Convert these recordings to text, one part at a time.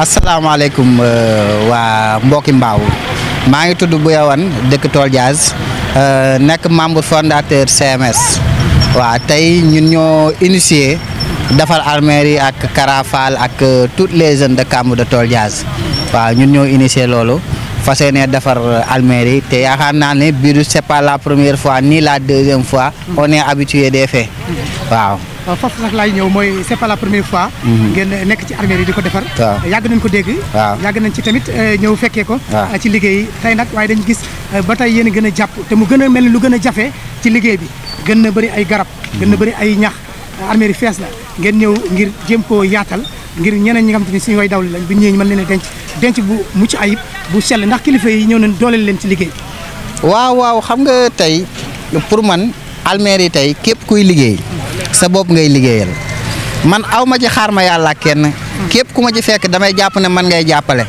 asalaamaaleykum euh, waa mbokki mbaaw maa ngi tudd bu Wane dëkk Tol Diaz euh, nekk membre fondateur CMS waaw tey ñun ñoo initié defar armères yi ak Karafal ak euh, toutes les jeunes de Kamb de Tol Diaz waaw ñun ñoo initié loolu fas yéene defar armères yi te yaakaar naa ne biiru c'est pas la première fois ni la deuxième fois on est habitué des faits waaw Euh, foofu nag laay ñëw mooy c'est pas la première fois. Mhm. ngeen nekk ci armée di ko defar. Euh, yàgg nañ ko dégg. yàgg nañ ci tamit euh, ñëw fekkee ko. ci liggéey tey nag waaye dañu gis ba tey yéen a gën a jàpp te mu gën a mel lu gën a jafe ci liggéey bi gën na bëri ay garab. gën na mhm. bëri ay ñax armée yi fees na ngeen ñëw ngir jéem ko yaatal. ngir ñeneen ñi nga xamante ni suñu way daw lañ bu ñëwee ñu mën leen a denc denc bu mucc ayib bu sell ndax kilifa yi ñëw nañ dooleel leen ci liggéey. waaw waaw xam nga tey pour man almeer yi tey képp kuy liggéey sa bopp ngay liggéeyal man aw ma ci xaar ma yàlla kenn hmm. képp ku ma ci fekk damay jàpp ne man ngay jàppale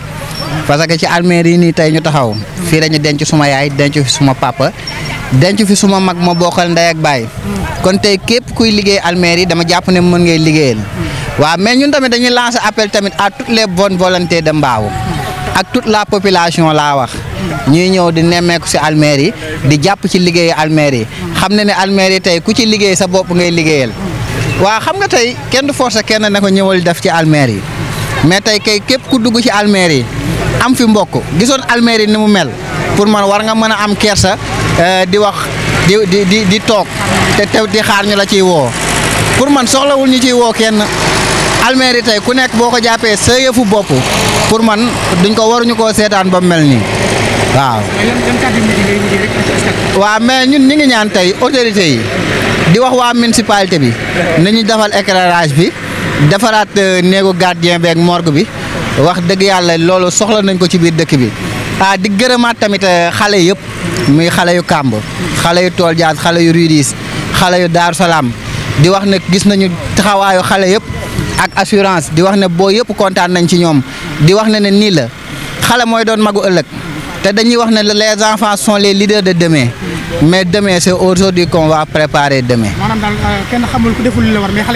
parce que ci almeer yi nii tey ñu taxaw fii dañu denc suma yaay denc fi suma papa denc fi suma mag ma bokkal ndey ak baay hmm. kon tey képp kuy liggéey almeer yi dama jàpp ne mën ngay liggéeyal hmm. waa mais ñun tamit dañuy lancer appel tamit à toutes les bonnes volontés de Mbao ak toute la population la wax ñuy ñëw di nemmeeku si almeer yi di jàpp ci liggéey almeer yi xam na ne almeer yi tey ku ci liggéey sa bopp ngay liggéeyal waa xam nga tey kenn du forcer kenn ne ko ñëwal def ci almeer yi mais tey kay képp ku dugg ci almeer yi am fi mbokk gisoon almeer yi ni mu mel pour man war nga mën a am kersa euh, di wax di di di di toog te tew di xaar ñu la ciy woo pour man soxlawul ñu ciy woo kenn almeeri tey ku nekk boo ko jàppee sa yëfu bopp pour man duñ ko waruñu koo seetaan ba mu mel nii waaw. waaw mais ñun ñi ngi ñaan tey autorité yi di wax waa municipalité bi nañu defal éclairage bi defaraat euh, néegu gardien beeg morgue bi wax dëgg yàlla loolu soxla nañ ko ci biir dëkk bi ah di gërëmaat tamit euh, xale yëpp muy xale yu kàmb xale yu tool jaas xale yu ruudis xale yu daaru salaam di wax ne gis nañu taxawaayu xale yëpp. ak assurance di wax na boo yëpp kontaan nañ ci ñoom di wax na ne nii la xale mooy doon magu ëllëg te dañuy wax ne les enfants sont les leaders de demain mais demain c'est aujourd'hui qu'on va préparer demain. maanaam daal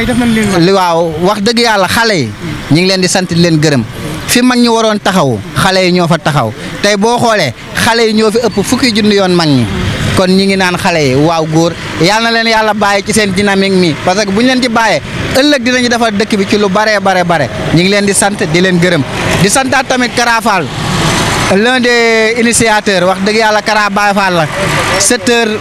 euh, li waaw wax dëgg yàlla xale yi ñu ngi leen di sant leen gërëm fi mag ñi waroon taxaw xale yi ñoo fa taxaw tey boo xoolee xale yi ñoo fi ëpp fukki junni yoon mag ñi. kon ñi ngi naan xale yi waaw góor yal leen yàlla bàyyi ci seen dynamique mi parce que bu leen ci bàyyee ëllëg dinañu defar dëkk bi ci lu baree bare bare ñi ngi leen di sant di leen gërëm di santaat tamit Karafal l'un des initiateurs wax dëgg yàlla Kara Baye Fall la sept heures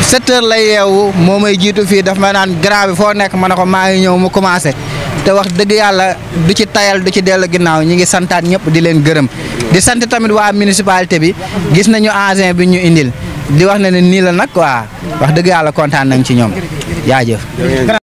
sept heures lay yeewu moo may jiitu fii daf ma naan grand bi foo nekk ma ne ko maa ngi ñëw mu commencé te wax dëgg yàlla du ci tayal du ci dellu ginnaaw ñi ngi santaat ñëpp di leen gërëm di sant tamit waa municipalité bi gis nañu engin bi ñu indil di wax na ne nii la nag waa wax dëgg yàlla kontaan nañ ci ñoom jaajëf